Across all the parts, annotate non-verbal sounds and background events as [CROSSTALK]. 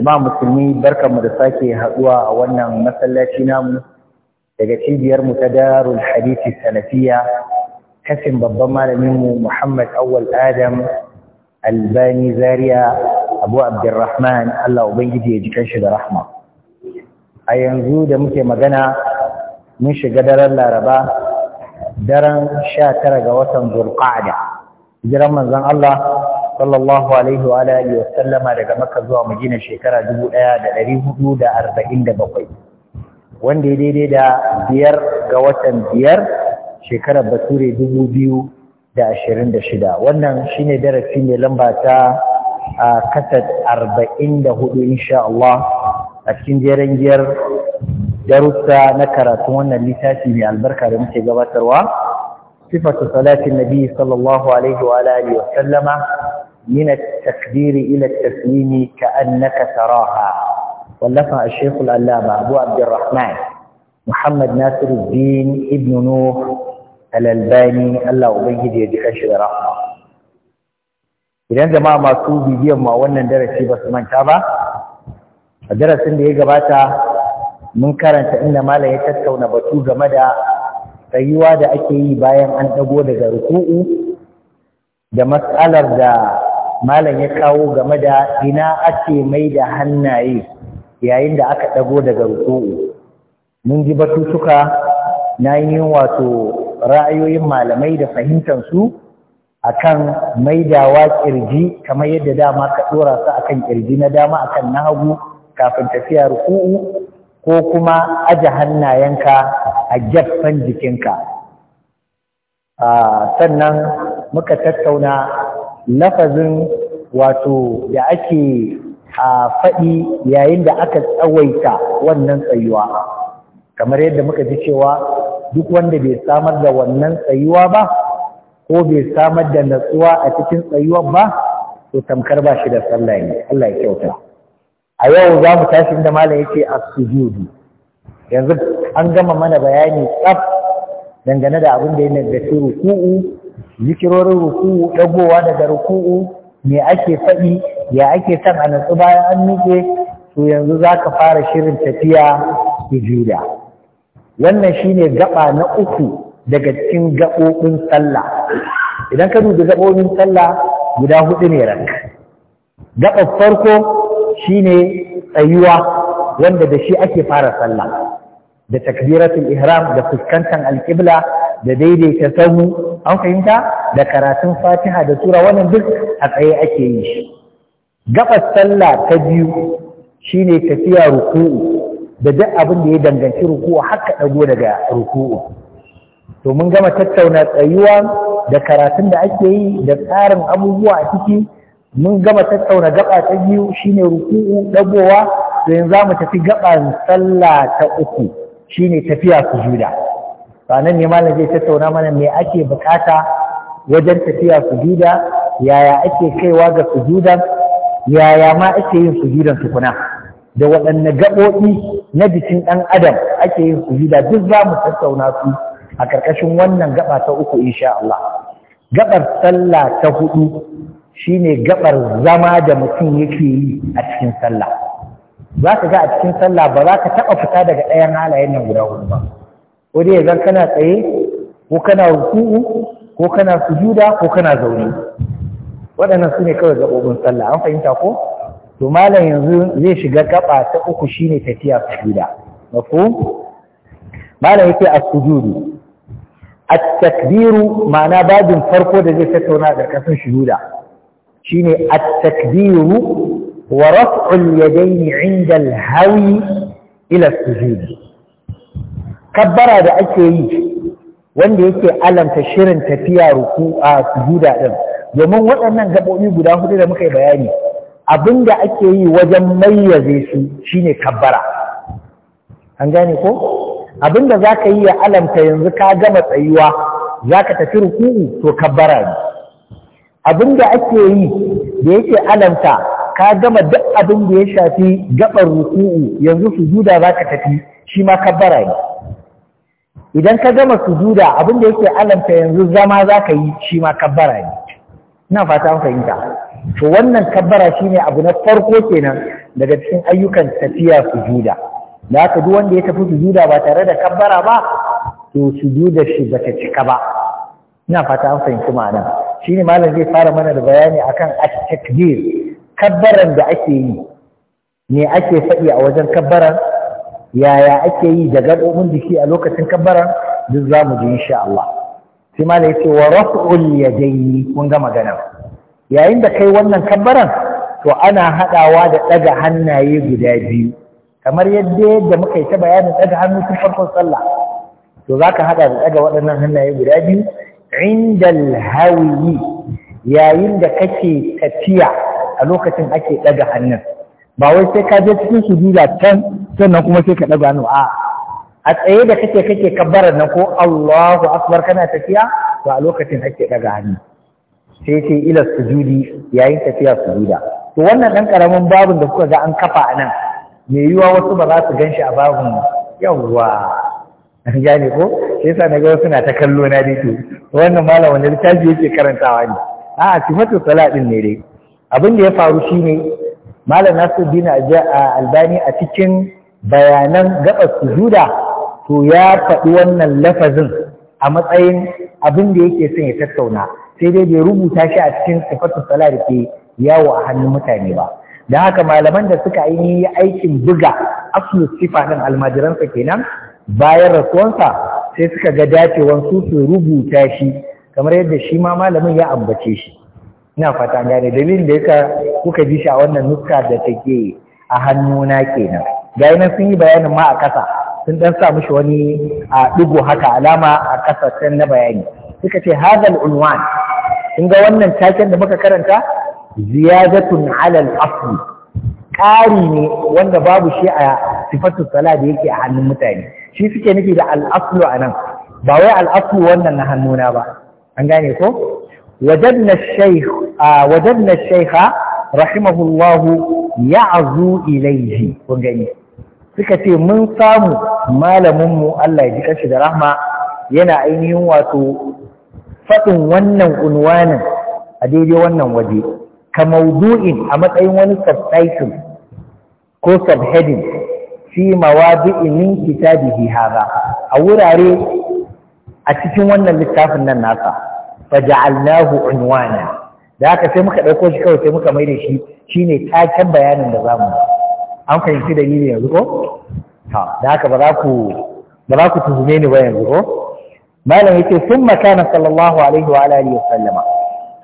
Imam Musulmi barkanmu da sake haduwa a wannan masallaci namu daga cibiyar mu ta Darul Hadisi sana'fiya kafin babban malamin mu Muhammad Awwal Adam Albani Zaria Abu Abdurrahman Allah ubangiji ya ji kanshi da rahma. A yanzu da muke magana mun shiga daren Laraba daren sha tara ga watan Zulqa'da. Jiran manzon Allah sallallahu alaihi wa alihi wa sallama daga Makka zuwa Madina shekara 1447 wanda ya daidai da biyar ga watan biyar shekarar Bature 2026 wannan shine darasi ne lamba ta katat 44 insha Allah a cikin jeren giyar darussa na karatu wannan littafi mai albarka da muke gabatarwa sifatu salatin nabi sallallahu alaihi wa alihi wa sallama من التكبير إلى التسليم كأنك تراها ولفع الشيخ العلامة أبو عبد الرحمن محمد ناصر الدين ابن نوح الألباني الله أبيد يدي أشر رحمة إذن جماعة ما سوبي بيهم ما ونن درسي بس من darasin da ya gabata mun karanta inda malam ya tattauna batu game da tsayuwa da ake yi bayan an dago daga ruku'u da matsalar da malam ya kawo game da ina ake mai da hannaye yayin da aka ɗago daga ruku'u mun ji batutuka na yi wato ra'ayoyin malamai da fahimtansu a kan maidawa ƙirji kamar yadda dama ka ɗora su akan ƙirji na dama akan na hagu kafin tafiya ruku'u ko kuma aje hannayenka a jaffan jikinka ah, sannan muka tattauna lafazin wato da ake a faɗi yayin da aka tsawaita wannan tsayuwa kamar yadda muka ji cewa duk wanda bai samar da wannan tsayuwa ba ko bai samar da natsuwa a cikin tsayuwar ba to tamkar ba shi da sallah ne Allah ya kyauta a yau za mu tashi inda malam yake as-sujudu yanzu an gama mana bayani tsaf dangane da abin da ya nace ruku'u zikirorin ruku'u dagowa daga ruku'u me ake faɗi ya ake son a natsu bayan an miƙe to yanzu za ka fara shirin tafiya sujuda wannan shine gaba na uku daga cikin gaɓoɓin sallah idan ka duba gaɓoɓin sallah guda hudu ne rak gaɓar farko shine tsayuwa wanda da shi ake fara sallah da takbiratul ihram da fuskantar alƙibla da daidaita sahu an fahimta da karatun fatiha da sura wannan duk a tsaye ake yi shi gabas sallah ta biyu shine tafiya ruku'u da duk abin da ya danganci ruku'u haka dago daga ruku'u to mun gama tattauna tsayuwa da karatun da ake yi da tsarin abubuwa a ciki mun gama tattauna gaba ta biyu shine ruku'u dagowa to yanzu za mu tafi gaban sallah ta uku shine tafiya sujuda sanan ne malam zai tattauna mana me ake bukata wajen tafiya sujuda yaya ake kaiwa ga sujudan yaya ma ake yin sujudan tukuna da waɗanne gaɓoɓi na jikin ɗan adam ake yin sujuda duk za mu tattauna su a ƙarƙashin wannan gaɓa ta uku insha Allah Gaɓar sallah ta huɗu shine gaɓar zama da mutum yake yi a cikin sallah za ka ga a cikin sallah ba za ka taɓa fita daga ɗayan halayen nan guda hudu ba ko dai zan kana tsaye ko kana ruku'u ko kana sujuda ko kana zaune waɗannan su ne kawai gaɓoɓin sallah an fahimta ko to malam yanzu zai shiga gaba ta uku shine tafiya sujuda mafhum malam yake a sujudu a takbiru ma'ana babin farko da zai tattauna da ƙasar shuhuda shine a takbiru wa raf'ul yadayn 'inda al-hawi ila as-sujudi kabbara da ake yi wanda yake alamta shirin tafiya ruku a sujuda din domin waɗannan gaɓoɓi guda hudu da muka yi bayani abin da ake yi wajen mayyaze su shine kabbara an gane ko abin da za ka yi ya alamta yanzu ka gama tsayuwa za ka tafi ruku'u to kabbara ne abin ake yi da yake alamta ka gama duk abin da ya shafi gaɓar ruku'u yanzu sujuda za ka tafi shi ma kabbara ne idan ka gama sujuda abin da yake alanta yanzu zama za ka yi shi ma kabbara ne ina fata an fahimta to wannan kabbara shine abu na farko kenan daga cikin ayyukan tafiya sujuda da aka duk wanda ya tafi sujuda ba tare da kabbara ba to duda shi bata cika ba ina fata an fahimci ma'ana shine malam zai fara mana da bayani akan at-takbir kabbaran da ake yi me ake faɗi a wajen kabbaran yaya ake yi da gaɓoɓin jiki a lokacin kabbara duk za mu ji insha Allah sai ma da ya ce wa raf'ul yadaini kun ga magana yayin da kai wannan kabbaran to ana haɗawa da ɗaga hannaye guda biyu kamar yadda yadda muka yi ta bayanin ɗaga hannu tun farkon sallah to za ka haɗa da ɗaga waɗannan hannaye guda biyu indal hawiyi yayin da kake tafiya a lokacin ake ɗaga hannun ba wai sai ka je cikin su sujuda can sannan kuma sai ka ɗaga hannu a a tsaye da kake kake kabbarar nan ko Allahu akbar kana tafiya to a lokacin kake ɗaga hannu sai sai ila sujudi yayin tafiya sujuda to wannan ɗan karamin babin da kuka ga an kafa a nan me yiwa wasu ba za su gan shi a babun yawwa an gane ko sai yasa na ga wasu na ta kallo na dai to wannan malam wannan littafi yake karantawa ne a'a sifatu salatin ne dai abin da ya faru shine malam nasiruddin albani a cikin bayanan gaba sujuda to ya faɗi wannan lafazin a matsayin abin da yake son ya tattauna sai dai bai rubuta shi a cikin sifatu sala da ke yawo a hannun mutane ba da haka malaman da suka yi aikin buga aslu sifa ɗin almajiransa kenan bayan rasuwansa sai suka ga dacewan su su rubuta shi kamar yadda shi ma malamin ya ambace shi ina fata gane dalilin da yaka kuka ji shi a wannan nuska da take a hannuna kenan ga nan sun yi bayanin ma a kasa sun dan sa mishi wani a dugo haka alama a kasa can na bayani suka ce hadal unwan kun ga wannan taken da muka karanta ziyadatun alal asl ƙari ne wanda babu shi a sifatu sala da yake a hannun mutane shi suke nufi da al a nan ba wai al al-aslu wannan na hannuna ba an gane ko وجدنا الشيخ آه وجدنا الشيخ رحمه الله يعزو إليه suka ce mun samu malaminmu Allah ya ji ƙarshi da rahma yana ainihin wato faɗin wannan ƙunwanin a daidai wannan waje ka maudu'in a matsayin wani subtitle ko subheading fi mawadi'in min kitabihi hada a wurare a cikin wannan littafin nan nasa faja'alnahu unwana da haka sai muka ɗauko shi kawai sai muka mai da shi shine taken bayanin da zamu an fahimci ne yanzu ko Ha da haka ba za ku ba za ku tuhume ni ba yanzu ko malam yace thumma kana sallallahu alaihi wa alihi sallama.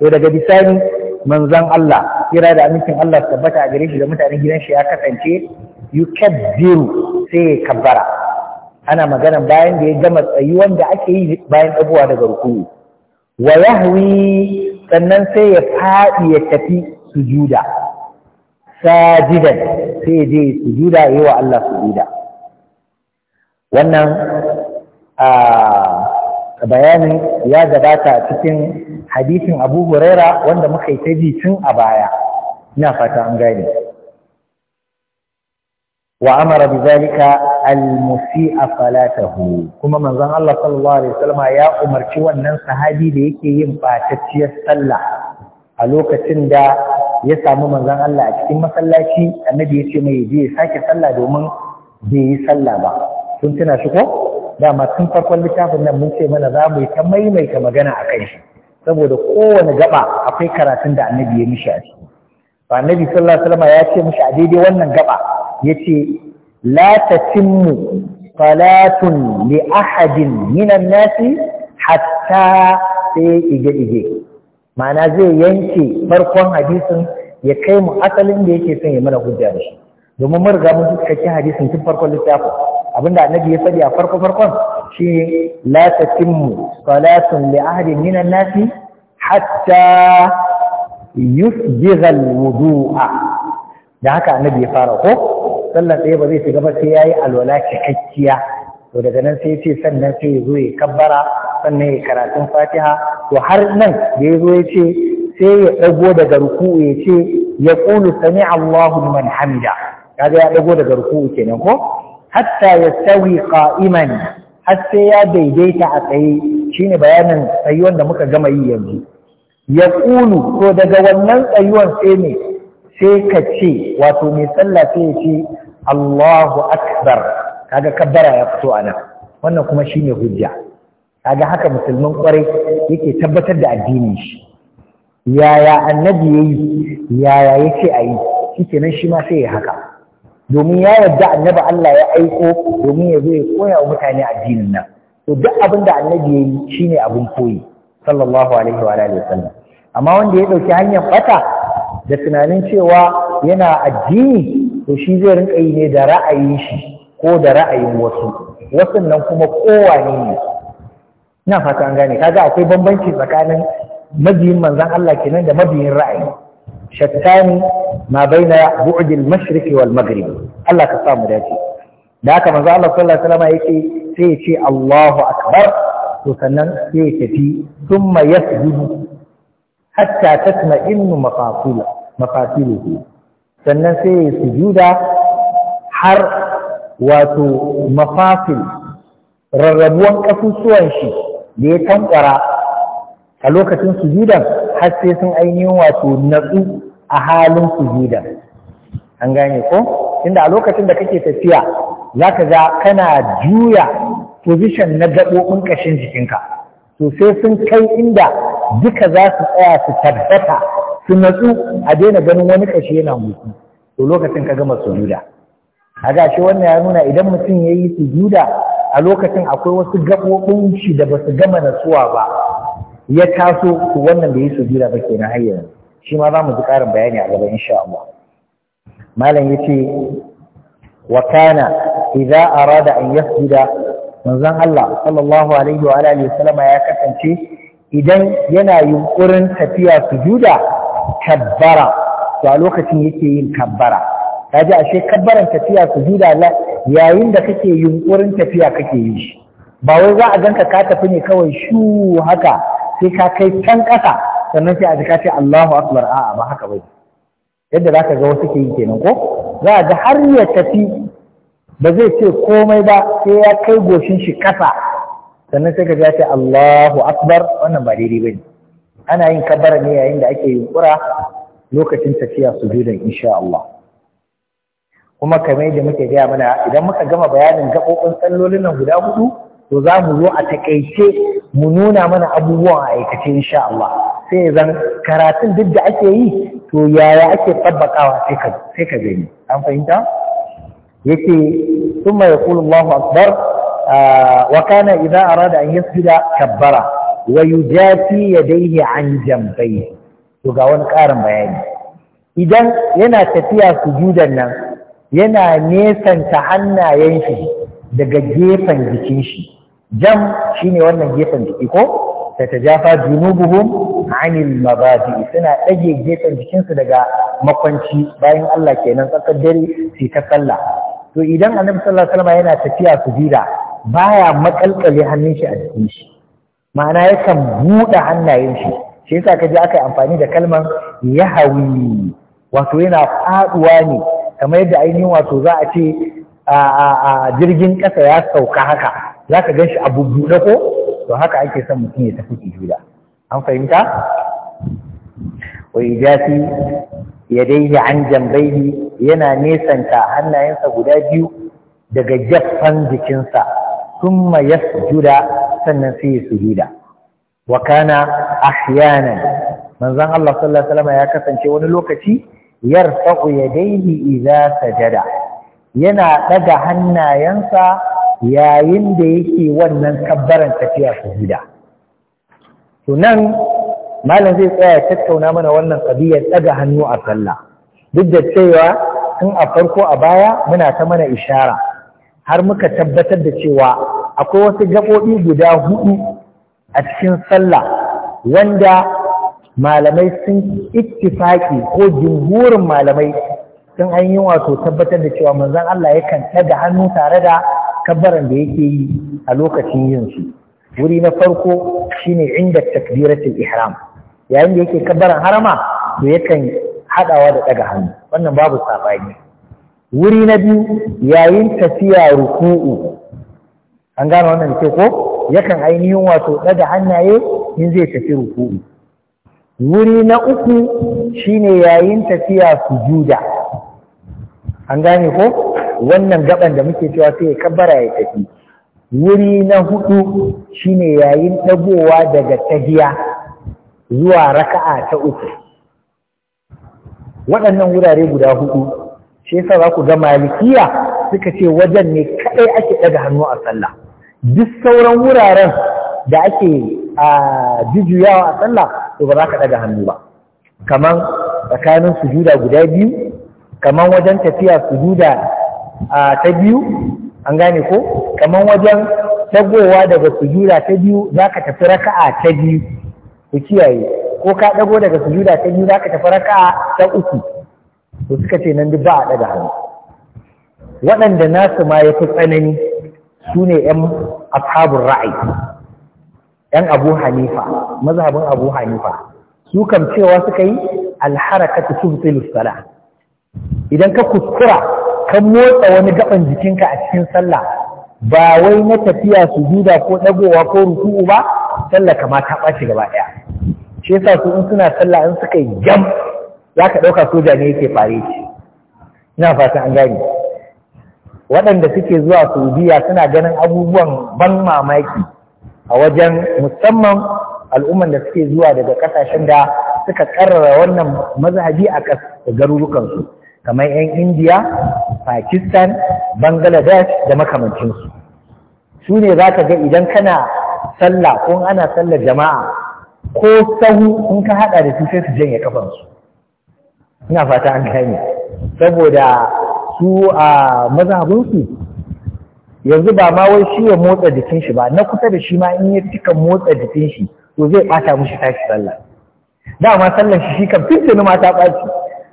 to daga bisani manzon Allah kira da amincin Allah tabbata a gare shi da mutanen gidan shi ya kasance yukabbiru sai kabbara ana magana bayan da ya gama tsayuwan da ake yi bayan abuwa daga rukuni. wa yahwi sannan sai ya faɗi ya tafi sujuda sajidan sai je sujuda yi wa Allah sujuda wannan a bayanin ya gabata cikin hadisin Abu Huraira wanda muka yi ta ji tun a baya ina fata an gane wa amara bi zalika al a salatahu kuma manzon Allah sallallahu alaihi wasallam ya umarci wannan sahabi da yake yin ɓatacciyar sallah a lokacin da ya samu manzon Allah a cikin masallaci annabi ya ce mai je sake sallah domin bai yi sallah ba kun tuna shi ko dama tun farkon littafin nan mun ce mana za mu yi ta maimaita magana a kai shi saboda kowane gaba akwai karatun da annabi ya mishi a ciki annabi sallallahu alaihi wasallam ya ce mishi a daidai wannan gaba yace la tatimmu salatun li ahadin minan nasi hatta sai ige ige ma'ana zai yanke farkon hadisin ya kai mu asalin da yake son ya mana hujja da shi domin mun riga mun cikakken hadisin tun farkon littafin abinda annabi ya faɗi a farko farkon shi la tatimmu salatun li ahadin minan nasi hatta yusbighal wudu'a da haka annabi ya fara ko sallar ɗaya ba zai shiga ba sai ya yi alwala cikakkiya to daga nan sai ce sannan sai ya zo ya kabbara sannan ya karatun fatiha to har nan da ya zo ya ce sai ya ɗago daga ruku ya ce ya ƙulu sami Allahu man hamida kaga ya ɗago daga ruku kenan ko hatta ya sawi qa'iman har sai ya daidaita a tsaye shine bayanin tsayuwan da muka gama yi yanzu ya ƙulu to daga wannan tsayuwan sai ne sai ka ce wato mai sallah sai ya ce Allahu akbar kaga kabbara ya fito a nan wannan kuma shi ne hujja kaga haka musulman kwarai yake tabbatar da addinin shi yaya annabi yayi yaya yace ayi shikenan shi ma sai ya haka domin ya yarda annabi Allah ya aiko domin ya zo ya koya wa mutane addinin nan to duk abin da annabi yayi shine abin koyi sallallahu alaihi wa alihi amma wanda ya dauki hanyar fata da tunanin cewa yana addini to shi zai rinka yi ne da ra'ayin shi ko da ra'ayin wasu wasu nan kuma kowane ne ina fata an gane kaga akwai bambanci tsakanin mabiyin manzan Allah kenan da mabiyin ra'ayi shattani ma baina budil al-mashriq wal maghrib Allah ka mu dace da haka manzon Allah sallallahu alaihi wasallam yake sai ya ce Allahu akbar to sannan sai ya tafi thumma yasjudu hatta tatma'innu mafatila mafatiluhu sannan sai ya sujuda har wato mafasil rarrabuwan kasusuwan shi da ya tankwara a lokacin sujudan har sai sun ainihin wato natsu a halin sujudan an gane ko inda a lokacin da kake tafiya zaka ga kana juya position na gaɓoɓin ƙashin jikinka to sai sun kai inda duka za su tsaya su tabbata su natsu a daina ganin wani kashi yana mutu to lokacin ka gama sujuda a gashi wannan ya nuna idan mutum ya yi sujuda a lokacin akwai wasu gaɓoɓin shi da ba su gama natsuwa ba ya taso to wannan da ya yi sujuda ba ke na yanzu shi ma za mu ji ƙarin bayani a gaba insha Allah malam ya ce wa kana idza arada an yasjuda manzon Allah sallallahu alaihi wa alihi wasallama ya kasance idan yana yunkurin tafiya sujuda kabbara to a lokacin yake yin kabbara kaji ashe kabbaran tafiya sujuda la yayin da kake yunkurin tafiya kake yi shi ba wai za a ganka ka tafi ne kawai shu haka sai ka kai can ƙasa sannan sai a ji ka ce Allahu akbar a'a ba haka bai yadda zaka ga wasu ke yi kenan ko za a ga har ya tafi ba zai ce komai ba sai ya kai goshin shi ƙasa sannan sai ka ga ce Allahu akbar wannan ba daidai bane ana yin kabbara ne yayin da ake yunkura lokacin tafiya sujudan insha Allah kuma kamar yadda muke gaya mana idan muka gama bayanin gaɓoɓin sallolin nan guda hudu to za mu zo a takaice mu nuna mana abubuwan a aikace insha Allah sai zan karatun duk da ake yi to yaya ake tabbakawa sai ka gani an fahimta yake sun mai yaqulu Allahu akbar wa kana idza arada an yasjuda kabbara wa yujafi yadayhi an jambayhi to ga wani ƙarin bayani idan yana tafiya sujudan nan yana nesanta hannayen shi daga gefen jikin shi jam shine wannan gefen jiki ko ta tajafa junubuhum anil mabadi suna ɗage gefen jikinsu daga makwanci bayan Allah kenan tsakar dare sai ta sallah to idan annabi sallallahu alaihi wasallam yana tafiya sujuda baya makalkale hannun shi a jikin shi ma'ana yakan buɗe hannayen shi shi yasa je aka yi amfani da kalmar yahawi wato yana faɗuwa ne kamar yadda ainihin wato za a ce a jirgin ƙasa ya sauka haka za ka gan shi a bubbuɗe ko to haka ake son mutum ya tafi ki sujuda an fahimta Wai wa ya daina an jambayhi yana nesanta hannayensa guda biyu daga jaffan jikinsa ثم يسجد sannan sai su hida. Wakana من ahyana الله صلى الله عليه وسلم ya kasance wani lokaci yarfa'u yadayhi idza sajada yana daga hannayensa yayin da yake wannan kabbaran tafiya sujuda to nan malam zai tsaya ya tattauna mana wannan qadiyar daga hannu a sallah duk da cewa tun a farko a baya muna ta mana ishara har muka tabbatar da cewa akwai wasu gaɓoɓi guda hudu a cikin sallah wanda malamai sun ittifaki ko jumhurin malamai sun an yi wato tabbatar da cewa manzon Allah yakan ɗaga hannu tare da kabbaran da yake yi a lokacin yin su wuri na farko shine inda takbiratul ihram yayin da yake kabbaran harama to yakan haɗawa da ɗaga hannu wannan babu sabani wuri na biyu yayin tafiya ruku'u an gane wannan ke ko yakan ainihin wato ɗaga hannaye in zai tafi ruku'u wuri na uku shine yayin tafiya sujuda an gane ko wannan gaban da muke cewa sai ya kabbara ya tafi wuri na hudu shine yayin dagowa daga tahiya zuwa raka'a ta uku waɗannan wurare guda hudu shi yasa za ku ga malikiya suka ce wajen ne kaɗai ake ɗaga hannu a sallah duk sauran wuraren da ake a jujuyawa a sallah to ba za ka ɗaga hannu ba kaman tsakanin sujuda guda biyu kaman wajen tafiya sujuda ta biyu an gane ko kaman wajen tagowa daga sujuda ta biyu za ka tafi raka'a ta biyu ku kiyaye ko ka ɗago daga sujuda ta biyu za ka tafi raka'a ta uku to suka ce nan duk ba a ɗaga hannu waɗanda nasu ma ya fi tsanani su ne ‘yan ashabun ra'ayi ‘yan abu hanifa mazhabin abu hanifa su kam cewa suka yi alharakatu tubtilu sala idan ka kuskura kan motsa wani gaban jikinka a cikin sallah ba wai na tafiya su juda ko ɗagowa ko ruku'u ba sallah kama ta ɓaci gaba ɗaya shi yasa su in suna sallah in suka yi jam za ka ɗauka soja ne yake fare shi ina fatan an gane waɗanda suke zuwa saudiya suna ganin abubuwan ban mamaki a wajen musamman al'umman da suke zuwa daga ƙasashen da suka ƙarara wannan mazhabi a garurukansu kamar 'yan indiya pakistan bangladesh da makamancinsu su ne za ka ga idan kana sallah ko ana sallar jama'a ko sahu in ka haɗa da su sai su janye kafansu ina fata an gane saboda su a mazabunsu yanzu ba ma wai shi ya motsa jikin shi ba na kusa da shi ma in ya cika motsa jikin shi to zai bata mushi tashi sallah dama sallar shi shi kan fice ma ta ɓaci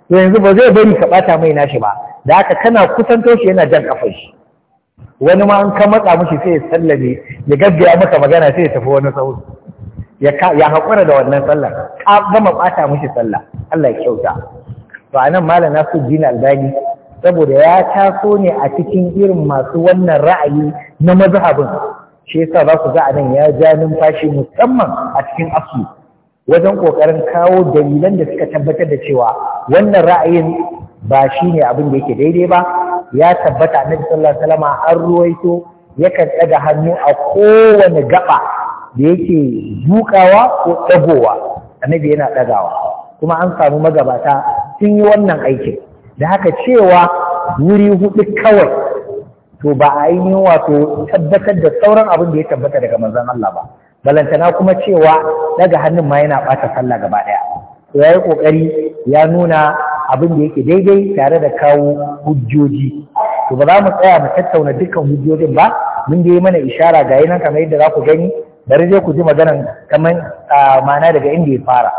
to yanzu ba zai bari ka bata mai nashi ba da haka kana kusanto shi yana jan kafar shi wani ma an ka matsa mushi sai ya sallame ya gaggaya maka magana sai ya tafi wani sauri ya haƙura da wannan sallar ka gama ɓata mushi sallah Allah ya kyauta to anan malam jin Albani saboda ya taso ne a cikin irin masu wannan ra'ayi na mazhabin shi yasa za ku ga anan ya ja numfashi musamman a cikin asu wajen kokarin kawo dalilan da suka tabbatar da cewa wannan ra'ayin ba shi ne abin da yake daidai ba ya tabbata na sallallahu alaihi wasallam an ruwaito yakan da hannu a kowane gaba da yake dukawa ko ɗagowa annabi yana ɗagawa kuma an samu magabata sun yi wannan aikin da haka cewa wuri hudu kawai to ba a yi wato tabbatar da sauran abin da ya tabbata daga manzon Allah ba balantana kuma cewa daga hannun ma yana bata sallah gaba ɗaya to yayi kokari ya nuna abin da yake daidai tare da kawo hujjoji to ba za mu tsaya mu tattauna dukkan hujjojin ba mun da mana ishara ga yanan kamar yadda za ku gani bari zai ku ji maganan kamar ah, ma'ana daga inda ya fara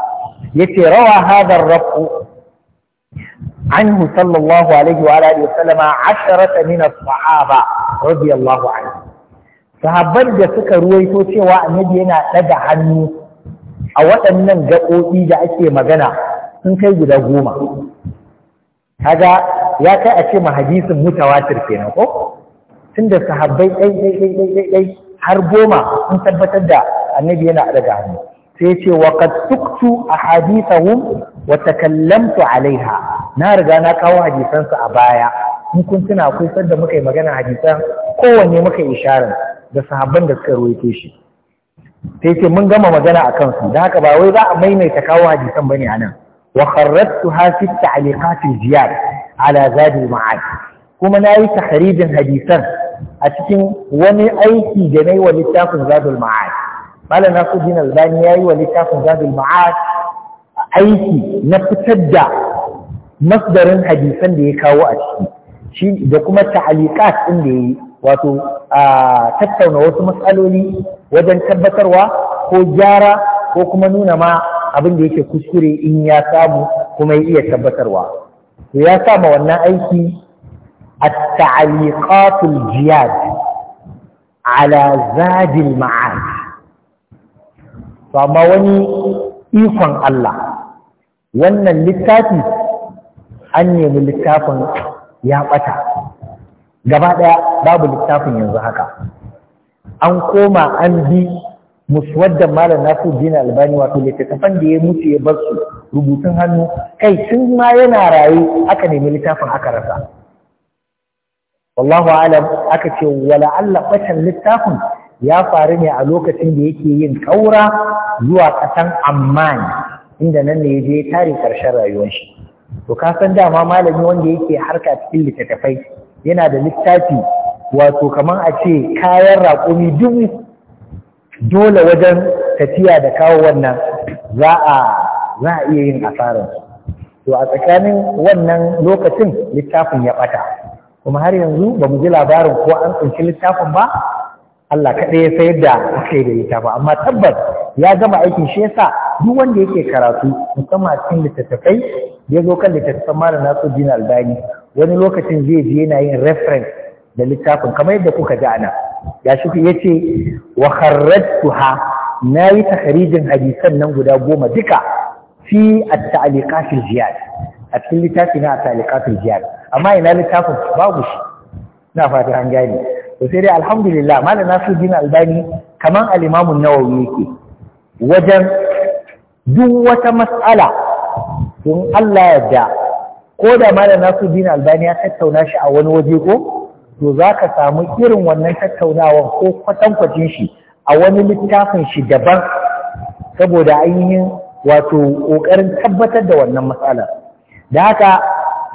yace rawa hadar rafu عنه صلى الله عليه وآله وسلم عشرة من الصحابة رضي الله عنه sahabban da suka ruwaito cewa annabi yana ɗaga hannu a waɗannan gaɓoɓi da ake magana sun kai guda goma kaga ya kai a ce ma hadisin mutawatir kenan ko tunda sahabbai ɗai ɗai ɗai ɗai har goma sun tabbatar da annabi yana ɗaga hannu sai ce wa a tuktu ahadithahum wata takallamtu alaiha na riga na kawo hadisansu a baya in kun tuna akwai sanda muka yi magana hadisan kowanne muka yi isharar da sahabban da suka ruwaito shi sai ce mun gama magana a kansu da haka ba wai za a maimaita kawo hadisan bane anan wa kharrajtu ha fi ta'liqat ala zadi ma'ad kuma nayi tahrijin hadisan a cikin wani aiki da nayi wa littafin zadul ma'ad malam Nasiruddin Albani yayi wa littafin Zadul Ma'ad aiki na fitar da masdarin hadisan da ya kawo a ciki da kuma ta'aliqat din da yi. wato a tattauna wasu matsaloli wajen tabbatarwa ko gyara ko kuma nuna ma abin da yake kuskure in ya samu kuma ya iya tabbatarwa to ya sama wannan aiki at-ta'aliqatul jiyad ala zadil ma'ad to amma wani ikon Allah wannan littafi an nemi littafin ya ɓata gaba ɗaya babu littafin yanzu haka an koma an bi muswaddan malam nasu dina albani wato littattafan da ya mutu ya bar su rubutun hannu kai sun ma yana raye aka nemi littafin aka rasa wallahu alam aka ce wala Allah batan littafin ya faru ne a lokacin da yake yin ƙaura zuwa ƙasan amman inda nan ne ya je tare ƙarshen rayuwar shi to ka san dama malami wanda yake harka cikin littattafai yana da littafi wato kamar a ce kayan raƙumi dubu dole wajen tafiya da kawo wannan za a za a iya yin asarar to a tsakanin wannan lokacin littafin ya ɓata kuma har yanzu ba mu ji labarin ko an tsinci littafin ba Allah kaɗai ya sayar da yi da ita ba amma tabbas ya gama aikin shi yasa duk wanda yake karatu musamman a cikin littattafai ya zo kan littattafan mara nasu jina albani wani lokacin zai je yana yin reference da littafin kamar yadda kuka ji ana ya shi ya ce wa ha na yi takharijin hadisan nan guda goma duka fi at-ta'liqatil jiyar a cikin littafi na at-ta'liqatil jiyar amma ina littafin babu shi ina fata an gane to sai dai alhamdulillah malam Nasiruddin Albani kaman al-Imam an-Nawawi yake wajen duk wata mas'ala in Allah ya da ko da malam Nasiruddin Albani ya tattauna shi a wani waje ko to zaka samu irin wannan tattaunawar ko kwatankwacin shi a wani littafin shi daban saboda ainihin wato ƙoƙarin tabbatar da wannan matsalar da haka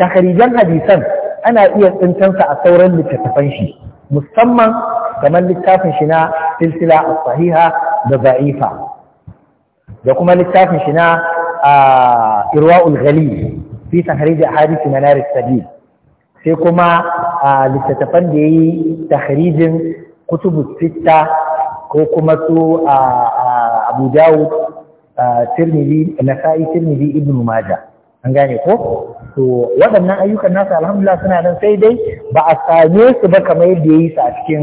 takarijan hadisan ana iya tsintansa a sauran littattafan shi musamman kamar littafin shi na silsila a sahiha da za'ifa da kuma littafin shi na irwa'ul ghali fi tahrij ahadith manar sabil sai kuma littattafan da yayi tahrijin kutubus sitta ko kuma su Abu Dawud Tirmidhi Nasa'i Tirmidhi Ibn Majah an gane ko to waɗannan ayyukan nasa alhamdulillah suna nan sai dai ba a same su ba kamar yadda ya yi su a cikin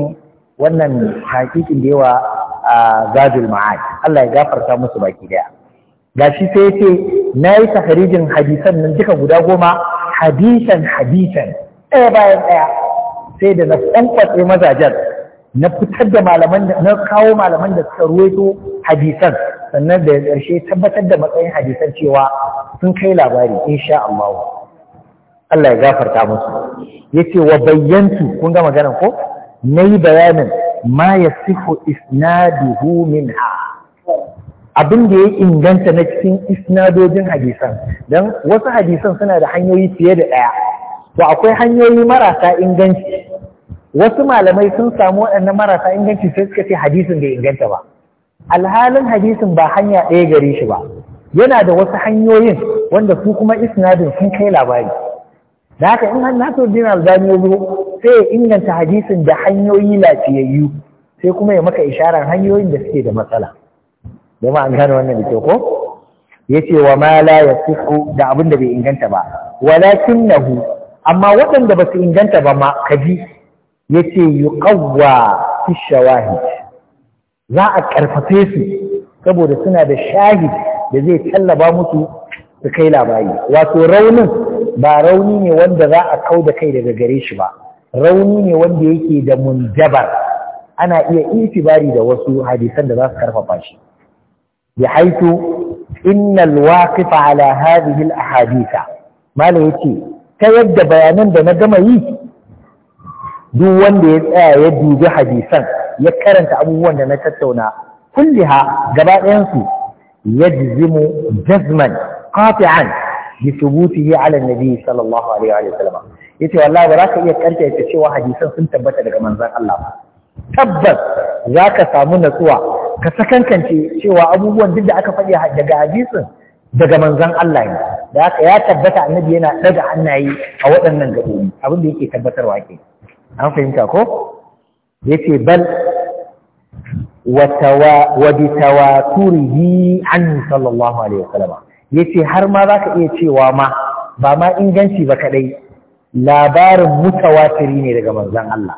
wannan hakikin da yawa a gajul ma'ad Allah ya gafarta musu baki daya gashi sai ya ce na yi taharijin hadisan nan duka guda goma hadisan hadisan ɗaya bayan ɗaya sai da na kwankwace mazajen na fitar da malaman na kawo malaman da suka ruwaito hadisan sannan da ya ƙarshe tabbatar da matsayin hadisan cewa sun kai labari insha Allah Allah ya gafarta musu yace wa bayyantu kun ga maganar ko nayi bayanin ma yasifu isnaduhu minha abin da ya inganta na cikin isnadojin hadisan don wasu hadisan suna da hanyoyi fiye da ɗaya to akwai hanyoyi marasa inganci wasu malamai sun samu waɗannan marasa inganci sai suka ce hadisin bai inganta ba alhalin hadisin ba hanya ɗaya gare shi ba yana da wasu hanyoyin wanda su kuma isnadin sun kai labari da haka in nasiruddin albani ya zo sai ya inganta hadisin da hanyoyi lafiyayyu sai kuma ya maka isharar hanyoyin da suke da matsala domin an gane wannan da ko ya ce wa ma la ya da abin da bai inganta ba walakin nahu amma waɗanda ba su inganta ba ma kaji ya ce yi ƙawwa fi shawahid za a ƙarfafe su saboda suna da shahid da zai tallaba musu su kai labari wato raunin ba rauni ne wanda za a kau da kai daga gare shi ba rauni ne wanda yake da munjabar ana iya itibari da wasu hadisan da za su karfafa shi bi haitu innal waqifa ala hadhihi al ahaditha malam yace ta yadda bayanan da na gama yi duk wanda ya tsaya ya dubi hadisan ya karanta abubuwan da na tattauna kulliha gaba ɗayan su yajzimu jazman qati'an bi thubutihi ala nabi sallallahu alaihi wa sallam yace wallahi ba za ka iya karkace cewa hadisan sun tabbata daga manzon Allah ba tabbas za ka samu natsuwa ka sakankance cewa abubuwan duk da aka faɗi daga hadisin daga manzon Allah ne da haka ya tabbata annabi yana daga hannaye a waɗannan gaɓoɓi abin da yake tabbatarwa ke an fahimta ko yace bal wa bitawaturihi an sallallahu alaihi wasallam ya ce har ma za ka iya cewa ma ba ma inganci ba kaɗai labarin mutawatiri ne daga manzan Allah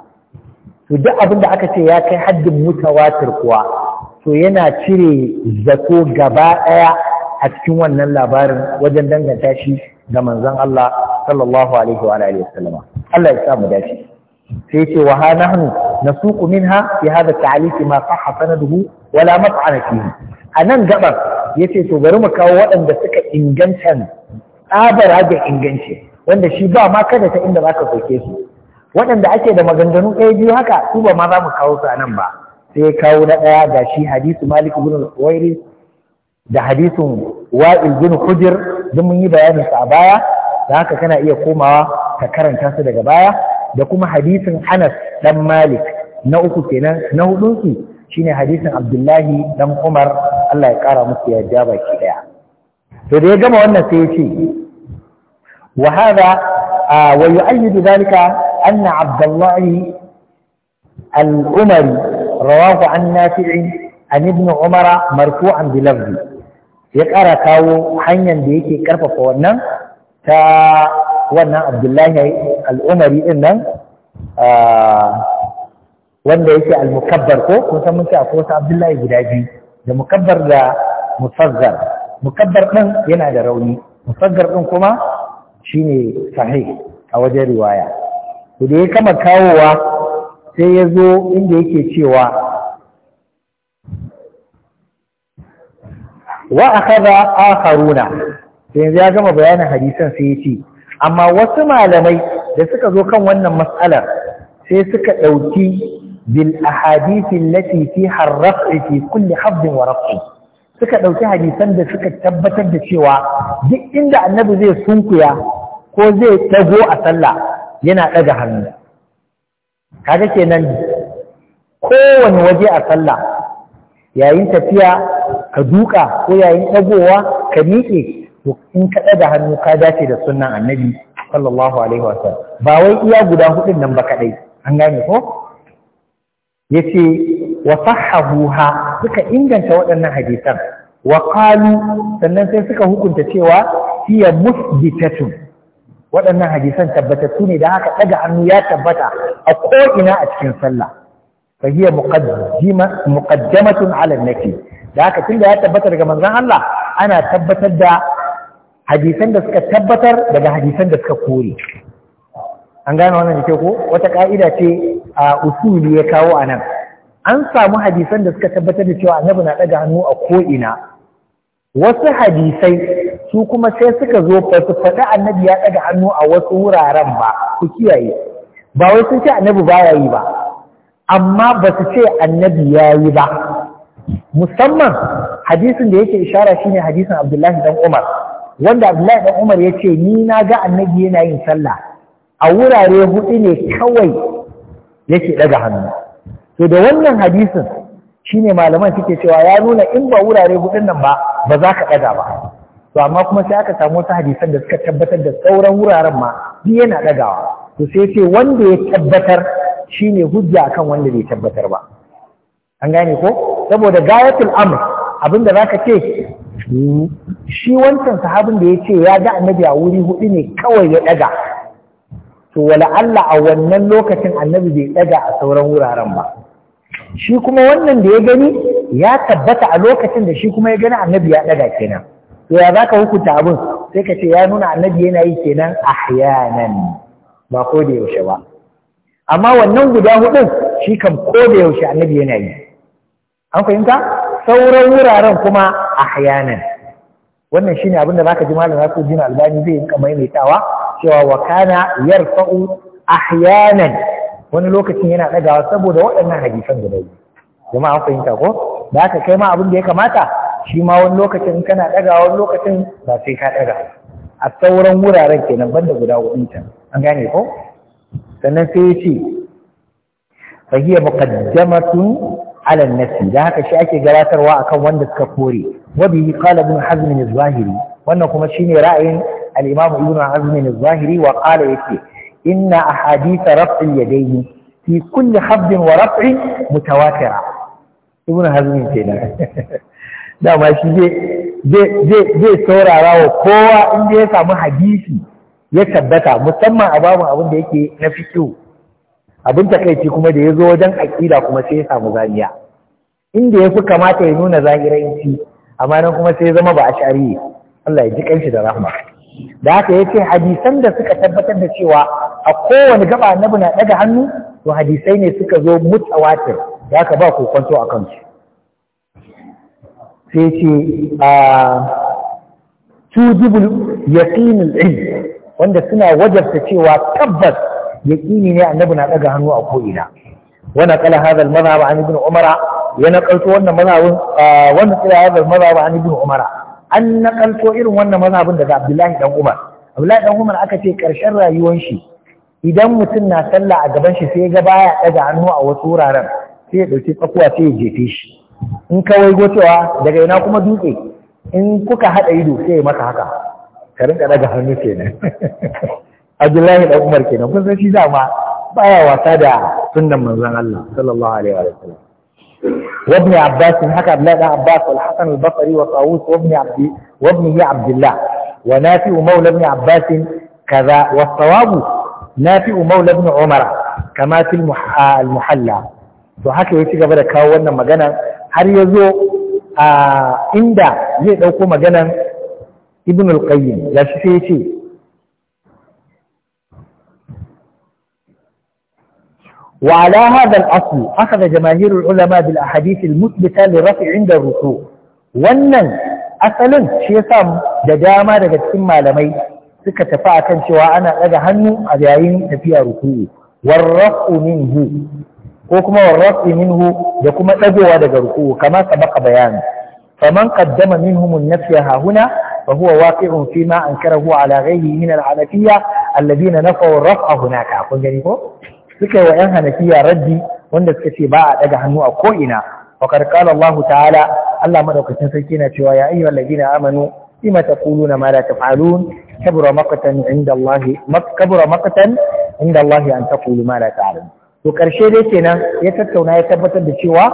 to duk abin da aka ce ya kai haddin mutawatir kuwa to yana cire zako gaba ɗaya a cikin wannan labarin wajen danganta shi ga manzan Allah sallallahu alaihi wa alihi Allah ya sa mu dace sai ce wa ha nahnu min ha? fi hada ta'alif ma sahha sanaduhu wala mat'ana fihi anan gabar yace to bari mu kawo waɗanda suka inganta tsabar hajjar inganci wanda shi ba ma kada ta inda zaka soke su waɗanda ake da maganganu ɗaya biyu haka su ba ma za mu kawo su anan ba sai ya kawo na ɗaya ga shi hadisu malik ibn al-khuwairi da hadisun wa'il bin hujr duk mun yi bayanin sa a baya da haka kana iya komawa ka karanta su daga baya da kuma hadisin Anas dan Malik na uku kenan na hudun shine hadisin Abdullahi dan Umar Allah ya kara musu yadda baki daya to da ya gama wannan sai ya ce wa hada wa yu'ayyidu dhalika anna Abdullahi al-Umari rawahu an Nafi' an ibn Umar marfu'an bi lafzi ya kara kawo hanyar da yake karfafa wannan ta wannan abdullahi al'umari din nan wanda yake al-mukabbar ko kun san mun akwai wasu abdullahi guda biyu da mukabbar da musazzar mukabbar ɗin yana da rauni musazzar ɗin kuma shine sahih a wajen riwaya to da ya kama kawowa sai ya zo inda yake cewa wa akhadha akharuna sai yanzu ya gama bayanin hadisan sai ya ce amma wasu malamai da suka zo kan wannan matsalar sai suka ɗauki bil ahadithin lati fi harrafi fi kulli hafdin wa rafi suka ɗauki hadisan da suka tabbatar da cewa duk inda annabi zai sunkuya ko zai tago a sallah yana ɗaga hannu kaga kenan kowane waje a sallah yayin tafiya ka duka ko yayin ɗagowa ka miƙe to in ka ɗaga hannu ka dace da sunan annabi sallallahu alaihi wa sallam ba wai iya guda hudun nan ba kadai an gane ko yace wa sahahuha suka inganta waɗannan hadisan wa qalu sannan sai suka hukunta cewa hiya musbitatu waɗannan hadisan tabbatattu ne da haka ɗaga hannu ya tabbata a ko'ina a cikin sallah fa hiya muqaddamatun ala nafi da haka tunda ya tabbata daga manzon Allah ana tabbatar da hadisan da suka tabbatar daga hadisan da suka kore an gane wannan da ke ko wata ka'ida ce a usuli ya kawo a nan an samu hadisan da suka tabbatar da cewa annabi na daga hannu a ko'ina wasu hadisai su kuma sai suka zo ba su faɗi annabi ya daga hannu a wasu wuraren ba ku kiyaye ba wai sun ce annabi baya yi ba amma ba su ce annabi ya yi ba musamman hadisin da yake ishara ne hadisin abdullahi dan umar wanda Abdullahi dan Umar ya ce ni na ga annabi yana yin sallah a wurare hudu ne kawai yake ɗaga hannu to da wannan hadisin shine malaman suke cewa ya nuna in ba wurare hudun nan ba ba za ka ɗaga ba to amma kuma sai aka samu wasu hadisan da suka tabbatar da sauran wuraren ma duk yana ɗagawa. to sai ce wanda ya tabbatar shine hujja akan wanda bai tabbatar ba an gane ko saboda gayatul amr da za ka ce shi wancan sahabin da ya ce ya ga annabi a wuri hudu ne kawai ya ɗaga to wala Allah a wannan lokacin annabi bai ɗaga a sauran wuraren ba shi kuma wannan da ya gani ya tabbata a lokacin da shi kuma ya gani annabi ya ɗaga kenan to ya za ka hukunta abin sai ka ce ya nuna annabi yana yi kenan ahyanan ba ko da yaushe ba amma wannan guda hudun shi kam ko da yaushe annabi yana yi an fahimta sauran wuraren kuma a hayanan wannan shi ne abin da zaka ji na Nasir Jin Albani zai yi kamar maimaitawa cewa wa kana a hayanan. wani lokacin yana ɗagawa saboda waɗannan hadisan da dai jama'a an fahimta ko ba ka kai ma abin da ya kamata shi ma wani lokacin kana dagawa wani lokacin ba sai ka ɗaga. a sauran wuraren kenan banda guda hudun can an gane ko sannan sai ya ce fa muqaddamatun على النفي ده haka shi ake garatarwa akan wanda suka kore wabihi qala ibn hazm az-zahiri wannan kuma shine ra'ayin al-imam ibn hazm az-zahiri wa qala yake inna ahadith raf'i yadayni fi kulli habd wa raf'i mutawatira ibn hazm kenan da ma shi zai zai saurara wa kowa inda ya samu hadisi ya tabbata musamman a babun abin da yake na abin takaici kuma da ya zo wajen aƙida kuma sai ya samu zaniya inda ya fi kamata ya nuna zahiranci amma nan kuma sai ya zama ba a shari'i Allah ya ji kanshi da rahma da haka ya ce hadisan da suka tabbatar da cewa a kowane gaba annabi na daga hannu to hadisai ne suka zo mutawatir da haka ba ku kwanto a kansu sai ce a tujibul yaqinul ilm wanda suna wajarta cewa tabbas yaqini ne annabi na daga hannu a ko'ina Wannan kala hadha al-madhhab an ibn umara ya nakalto wannan mazhabin ah, wannan kala hadha al-madhhab an ibn umara an nakalto irin wannan mazhabin daga abdullahi dan umar abdullahi dan umar aka ce karshen rayuwar shi idan mutum na sallah a gaban shi sai ga baya daga hannu a wasu wuraren sai ya dauki tsakuwa sai ya jefe shi in kawai gocewa daga ina kuma dutse in kuka hada ido sai ya maka haka ka rinka daga hannu kenan [LAUGHS] Abdullahi da Umar kenan kun san shi dama baya wasa da sunnan manzon Allah sallallahu alaihi wa sallam وابن عباس حكى عبد al بن عباس والحسن البصري وطاووس وابن عبد وابنه عبد الله ونافع مولى ابن عباس كذا والصواب نافع مولى ابن عمر كما في المحلى to haka ya ci gaba da kawo wannan magana har ya zo a inda zai ɗauko maganan ibn al-qayyim ya shi sai ya ce وعلى هذا الأصل أخذ جماهير العلماء بالأحاديث musbitali للرفع عند الركوع wannan asalin shi yasa da dama daga cikin malamai suka tafi kan cewa ana daga hannu a yayin tafiya ruku'u warrafu minhu ko kuma warrafu minhu da kuma dagowa daga ruku'u ka sabaka bayani faman qaddama minhum an-nafya hahuna fa huwa waqi'un fi ma ankarahu ala ghayrihi min al-hanafiyya alladhina nafaw ar-raf'a hunaka kun gani ko suka yi wa ‘yan hanafiya raddi wanda suka ce ba a ɗaga hannu a ko'ina wa karkala Allah ta'ala Allah maɗaukacin sarki na cewa ya ayyuhal ladina amanu lima mata kulu na taf'alun ta maqtan kabura inda Allah an taqulu ma la to karshe dai kenan ya tattauna ya tabbatar da cewa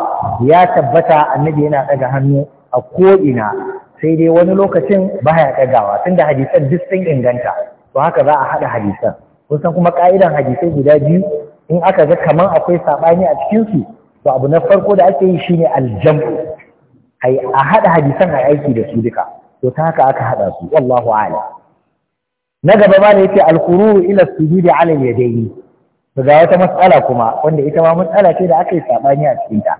ya tabbata annabi yana daga hannu a ko'ina sai dai wani lokacin baya ɗagawa tunda hadisan duk sun inganta to haka za a haɗa hadisan kun san kuma ka'idan hadisai guda biyu in aka ga kamar akwai saɓani a cikinsu to abu na farko da ake yi shine aljam a haɗa hadisan a aiki da su duka to ta haka aka haɗa su wallahu a'lam na gaba ma da yake alkururu ila sujudi ala yadayi ga wata matsala kuma wanda ita ma matsala ce da aka yi sabani a cikin ta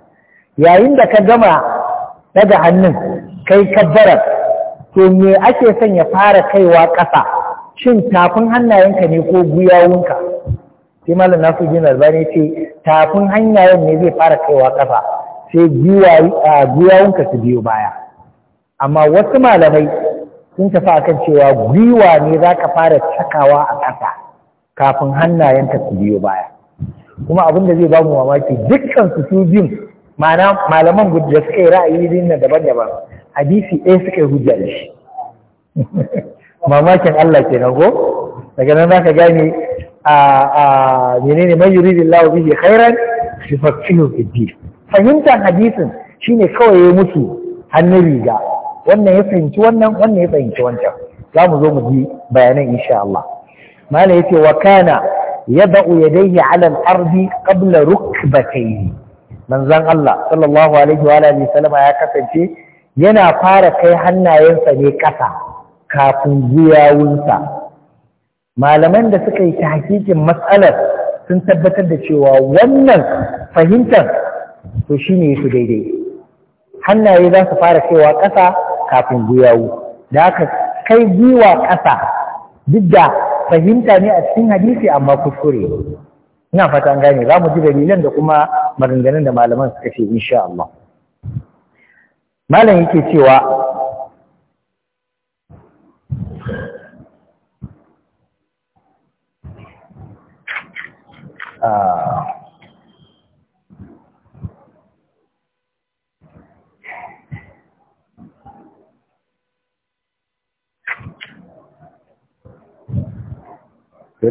yayin da ka gama daga hannun kai kabbara to me ake son ya fara kaiwa ƙasa shin tafin hannayenka ne ko guyawunka sai malam nasu jin albani ce tafin hanyayen ne zai fara kaiwa kafa sai gwiwawunka su biyo baya amma wasu malamai sun tafi a kan cewa gwiwa ne za ka fara cakawa a ƙasa kafin hannayenka su biyo baya kuma abin da zai bamu mamaki dukkan su su biyun ma'ana malaman da suka yi ra'ayi na daban-daban hadisi ɗaya suka yi hujjar shi [LAUGHS] mamakin Allah ke ko daga nan za ka gane a menene man yuridillahu bihi khairan yufaqihu fid din fahimtar hadisin shine kawai ya mutu hannun riga wannan ya fahimci wannan wannan ya fahimci wancan za mu zo mu ji bayanan insha Allah mala yace wa kana yad'u yadayhi 'ala al-ardi qabla rukbatayhi manzon Allah sallallahu alaihi wa alihi sallama ya kasance yana fara kai hannayensa ne kasa kafin gwiwawunsa malaman da suka yi ta hakikin matsalar sun tabbatar da cewa wannan fahimtar to shi ne su daidai hannaye za su fara cewa ƙasa kafin guyawu da aka kai guwa ƙasa duk da fahimta ne a cikin hadisi amma kuskure ina fata an gane za mu ji dalilan da kuma maganganun da malaman suka ce insha Allah malam yake cewa Sunan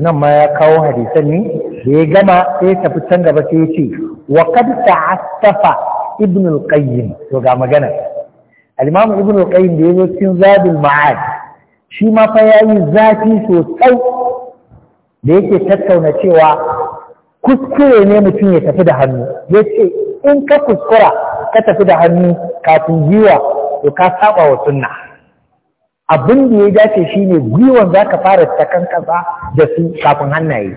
ah. ma ya kawo hadisan ne da ya gama sai ya tafi can gaba sai ya ce wa ta astafa ibn al-qayyim to ga magana al-imam ibn al-qayyim da ya yazo cikin zabin ma'ad shi ma fa yi zafi sosai da yake tattauna cewa kuskure ne mutum ya tafi da hannu ya ce in ka kuskura ka tafi da hannu kafin gwiwa to ka saba wa sunna abin da ya dace shine gwiwan za ka fara takan kasa da su kafin hannaye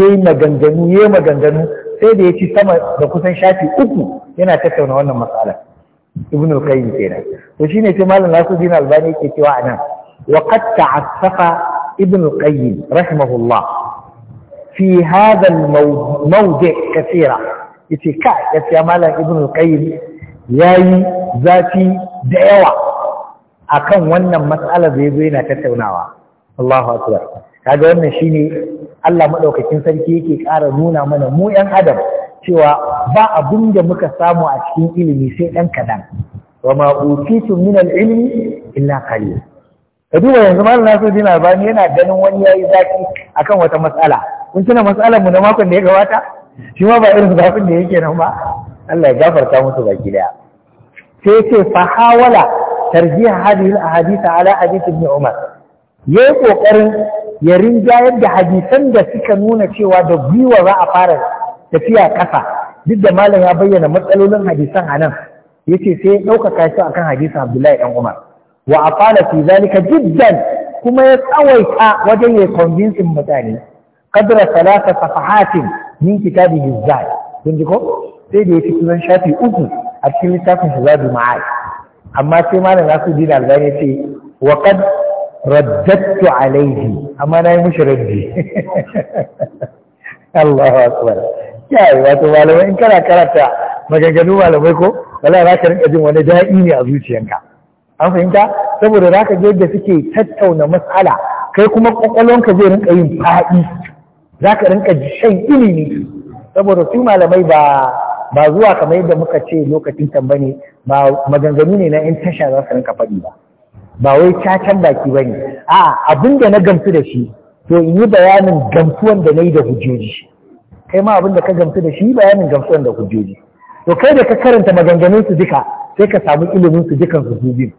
ya yi maganganu ya yi maganganu sai da ya ci sama da kusan shafi uku yana tattauna wannan matsalar al qayyim kenan to shine sai malam Nasiruddin Albani yake cewa anan wa qad ta'assafa al qayyim rahimahullah fi hadha al-mawdi' kathira yace ka gaskiya malam ibn al-qayyim yayi zafi da yawa akan wannan matsalar zai yazo yana tattaunawa Allahu akbar kaga wannan shine Allah madaukakin sarki yake ƙara nuna mana mu 'yan adam cewa ba abin da muka samu a cikin ilimi sai ɗan kaɗan wa ma utitu min al-ilmi illa qalil ka duba yanzu malam Nasiruddin Albani yana ganin wani yayi zaki akan wata matsala kun tuna matsalar na makon da ya gabata shi ma ba irin zafin da yake nan ba Allah ya gafarta musu baki daya sai ce fa hawala tarjih hadhihi al ala hadith ibn Umar yayi kokarin ya rinjayar da hadisan da suka nuna cewa da gwiwa za a fara tafiya kasa duk da malam ya bayyana matsalolin hadisan ya yace sai ya ɗaukaka shi akan hadisin Abdullahi ɗan Umar wa afala fi zalika jiddan kuma ya tsawaita wajen ya convincing mutane qadra thalatha safahatin min kitabihi az-zahid ji ko sai da yake kusan shafi uku a cikin littafin Zadul Ma'ad amma sai malam Nasiruddin Albani ya ce wa qad raddattu alaihi amma na yi mushi raddi Allahu akbar kai wato malamai in kana karanta maganganu malamai ko wala za ka rinka jin wani daɗi ne a zuciyanka an fahimta saboda za ka je suke tattauna matsala kai kuma ka zai rinka yin faɗi za ka rinka shan ilimi saboda su malamai ba zuwa kamar yadda muka ce lokacin ne ba maganganu ne na yan tasha za su rinka faɗi ba ba wai cacan baki ba ne a abin da na gamsu da shi to in yi bayanin gamsuwan da na yi da hujjoji kai ma abin da ka gamsu da shi bayanin gamsuwan da hujjoji to kai da ka karanta maganganun su duka sai ka samu ilimin su dukan su biyu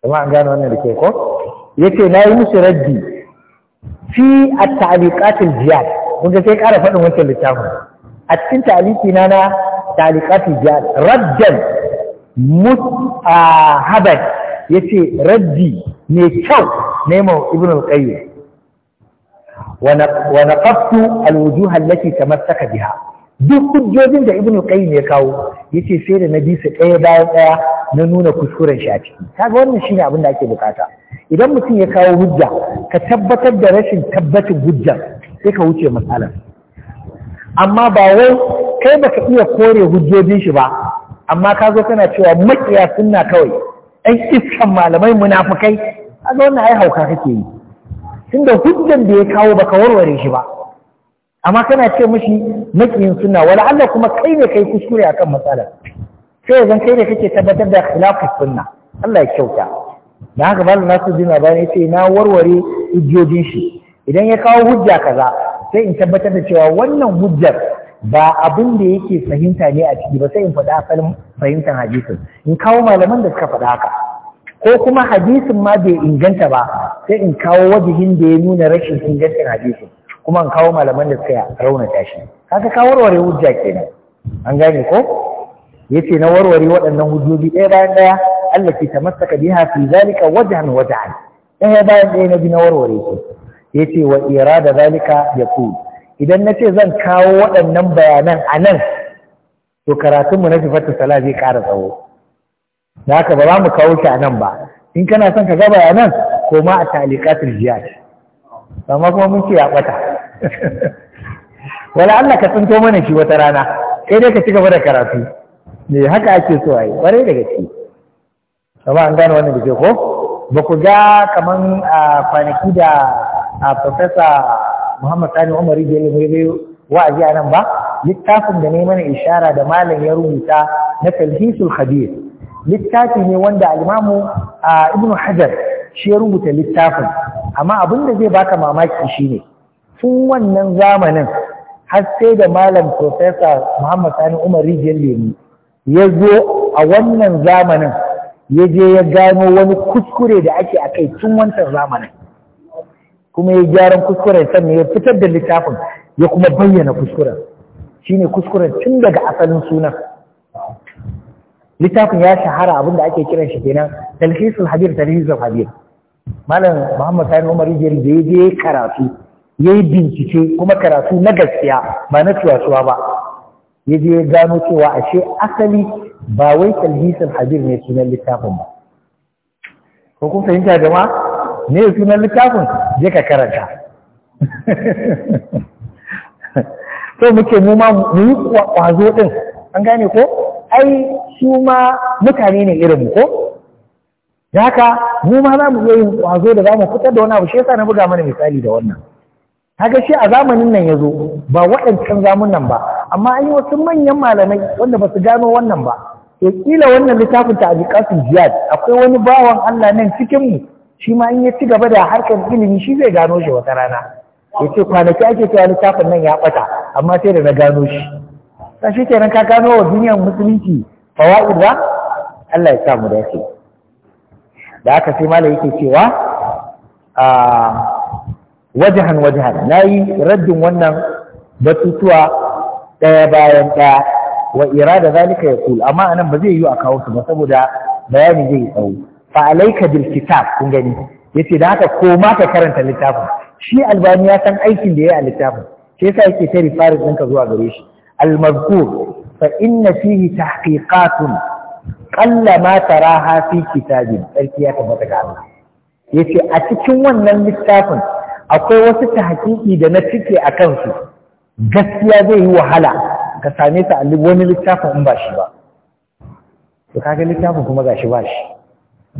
kuma an gane wannan da ke ko yace na yi musu raddi fi a ta'alikatul jihad kun sai ƙara faɗin wancan littafin a cikin ta'aliki na na ta'alikatul jihad raddan mutahabad yace raddi mai kyau nemo ibn al-qayyim wa naqaftu al-wujuh allati tamassaka biha duk hujjojin da ibnu qayyim ya kawo yace sai da na bi su ɗaya bayan ɗaya na nuna kuskuren shi a ciki kaga wannan shine abin da ake bukata idan mutum ya kawo hujja ka tabbatar da rashin tabbacin hujjar sai ka wuce matsalar amma ba wai kai baka iya kore hujjojin shi ba amma ka zo kana cewa makiya sunna kawai ɗan iskan malamai munafukai kaga wannan ai hauka kake yi tunda hujjan da ya kawo baka warware shi ba amma kana ce mashi makiyin sunna wala Allah kuma kai ne kai kuskure akan matsalar sai zan kai ne kake tabbatar da khilafu sunna Allah ya kyauta da haka malam Nasiruddin Albani sai na warware ijojin shi idan ya kawo hujja kaza sai in tabbatar da cewa wannan hujjar ba abin da yake fahimta ne a ciki ba sai in faɗa asalin fahimtar hadisin in kawo malaman da suka faɗa haka ko kuma hadisin ma bai inganta ba sai in kawo wajihin da ya nuna rashin ingancin hadisin kuma an kawo malaman da suka raunata shi kaga ka warware hujja kenan an gane ko yace na warware waɗannan hujjoji ɗaya bayan ɗaya Allah ke tamassaka biha fi zalika wajhan wajhan ɗaya bayan ɗaya na bi na warware su yace wa irada zalika yaqul idan nace zan kawo waɗannan bayanan a nan to karatunmu na sifatu sala zai ƙara tsawo da haka ba za mu kawo shi a nan ba in kana son ka ga bayanan ko ma a talikatul jihad amma kuma mun ce ya ɓata [LAUGHS] wala Allah ka tsinto mana shi wata rana Sai dai ka ci gaba da karatu ne haka ake so a yi daga ciki. gaske an gane wannan da ko ba ku ga kamar a kwanaki da a profesa muhammad sani Umar, da ya yi wa'azi a nan ba littafin da ne mana ishara da malam ya rubuta na talhisul khabir littafi ne wanda alimamu a ibnu hajar shi ya rubuta littafin amma abin da zai baka mamaki shine tun wannan zamanin har sai da malam profesa Muhammad Sani Umar Rijiyar Lemu ya zo a wannan zamanin ya je ya gano wani kuskure da ake a kai tun wancan zamanin kuma ya gyaran kuskuren sannan ya fitar da littafin ya kuma bayyana kuskuren ne kuskuren tun daga asalin sunan littafin ya shahara abin da ake kiran shi kenan talhisul habir talhisul habir malam Muhammad Sani Umar Rijiyar da ya je karatu ya yi bincike kuma karatu na gaskiya ba na cuwa ba ya je ya gano cewa ashe asali ba wai talhisul habir ne sunan littafin ba ko kun fahimta jama'a ne sunan littafin je ka karanta [LAUGHS] to muke mu ma mu yi kwazo din an gane ko ai su ma mutane ne irin mu ko da haka mu ma za mu iya yin kwazo da za mu fitar da wani abu shi yasa na buga mana misali da wannan haka shi a zamanin nan ya zo ba waɗancan zamunan ba amma an yi wasu manyan malamai wanda ba su gano wannan ba Ya kila wannan littafin ta ƙasin jihad akwai wani bawan Allah nan cikin mu shi ma in ya ci gaba da harkar ilimi shi zai gano shi wata rana ya ce kwanaki ake cewa littafin nan ya ɓata amma sai da na gano shi ta shi kenan ka gano wa duniyar musulunci fawa'id ba Allah ya sa mu dace da haka sai malai yake cewa ah, wajahan wajahan na yi raddin wannan batutuwa ɗaya bayan ɗaya wa irada zalika ya kula amma anan ba zai yi a kawo su ba saboda bayani zai tsawo fa alaika bil kitab kun gani yace da haka ko ma ka karanta littafin shi albani ya san aikin da ya yi a littafin shi yasa yake ta rifarin ɗinka zuwa gare shi al-mazkur fa inna fihi tahqiqatun qalla ma taraha fi kitabin sarki ya tabbata ga Allah yace a cikin wannan littafin akwai wasu ta haƙiƙi da na cike a kansu gaskiya zai yi wahala ka same ta wani littafin in ba shi ba to kaga littafin kuma gashi ba shi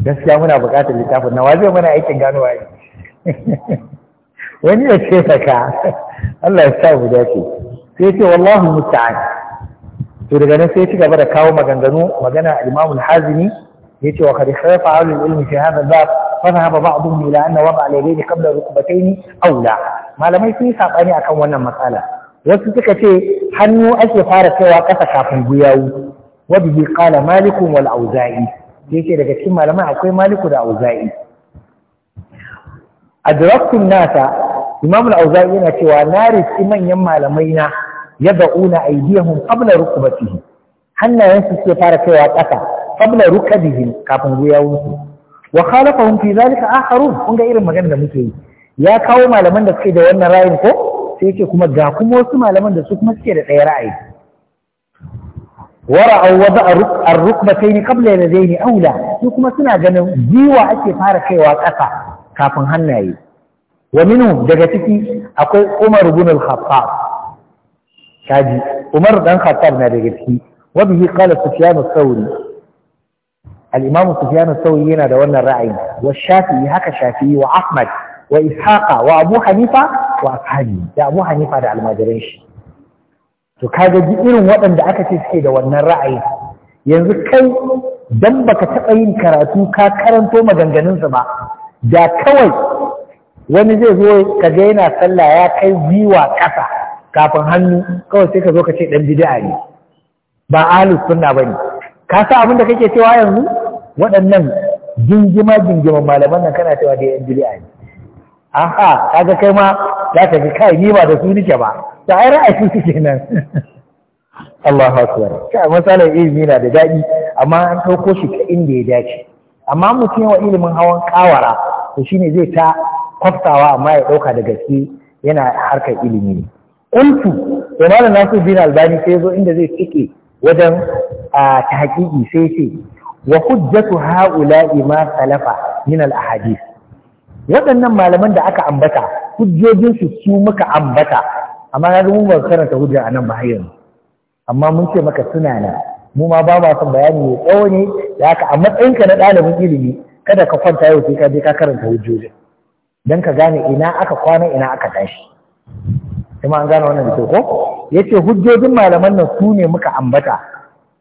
gaskiya muna buƙatar littafin na waje muna aikin gano waye [LAUGHS] wani ya ce saka [LAUGHS] Allah ya sa mu dace sai ce wallahu musta'an to daga nan sai ci gaba da kawo maganganu magana al-Imam al-Hazimi yace wa kad khafa ahlul ilmi fi hadha al-bab fa dhahaba ba'dhum ila anna wada al-yadayn qabla rukbatayn aula malamai sun sabani akan wannan matsala wasu suka ce hannu ake fara kaiwa kasa kafin guyawu wa bihi qala malik wal auza'i yace daga cikin malamai akwai maliku da auza'i adraktu nasa imam al-auza'i yana cewa na riski manyan malamai na yad'una aydiyahum qabla rukbatihi hannayensu suke fara kaiwa kasa qabla rukabihim kafin guyawunsu wa khalafahum fi zalika akharun kun ga irin magana da muke yi ya kawo malaman da suke da wannan ra'ayin ko sai yake kuma ga kuma wasu malaman da su kuma suke da ɗaya ra'ayi wara au wada ar-rukbatayn qabla yadayni aula su kuma suna ganin jiwa ake fara kaiwa ƙasa kafin hannaye wa minu daga ciki akwai Umar ibn al-Khattab kaji Umar dan Khattab na daga ciki wa bihi qala Sufyan ath-Thawri al-imam sufyan as yana da wannan ra'ayi wa shafi'i haka shafi'i wa ahmad wa ishaqa wa abu hanifa wa ashabi da abu hanifa da almajiran shi to kaga ji irin waɗanda aka ce suke da wannan ra'ayin yanzu kai dan baka taɓa yin karatu ka karanto maganganunsa ba da kawai wani zai zo ka ga yana sallah ya kai gwiwa ƙasa kafin hannu kawai sai ka zo ka ce ɗan bid'a ne ba ahlus sunna bane ka sa abin da kake cewa yanzu waɗannan jingima jingiman malaman nan kana cewa da yan bid'a ne aha kaga kai ma za ka ji kai ni ba da su nike ba ta ai ra'ayi su kenan [LAUGHS] Allahu akbar kai misalin ilimi na da daɗi amma an ɗauko shi ta inda ya dace amma mutum yawa ilimin hawan kawara to shine zai ta kwaftawa amma ya ɗauka da gaske yana harkar ilimi ne kuntu to malam nasu bin albani sai zo inda zai tike wajen a ta hakiki sai sai. wa hujjatu ha'ula'i ma salafa min al ahadith waɗannan malaman da aka ambata hujjojinsu su muka ambata amma na mun ba karanta hujja a nan ba amma mun ce maka suna nan mu ma ba son bayani mai tsawo ne da haka a matsayinka na ɗalibin ilimi kada ka kwanta yau sai ka je ka karanta hujjojin don ka gane ina aka kwana ina aka tashi kuma an gane wannan da ko yace hujjojin malaman nan su ne muka ambata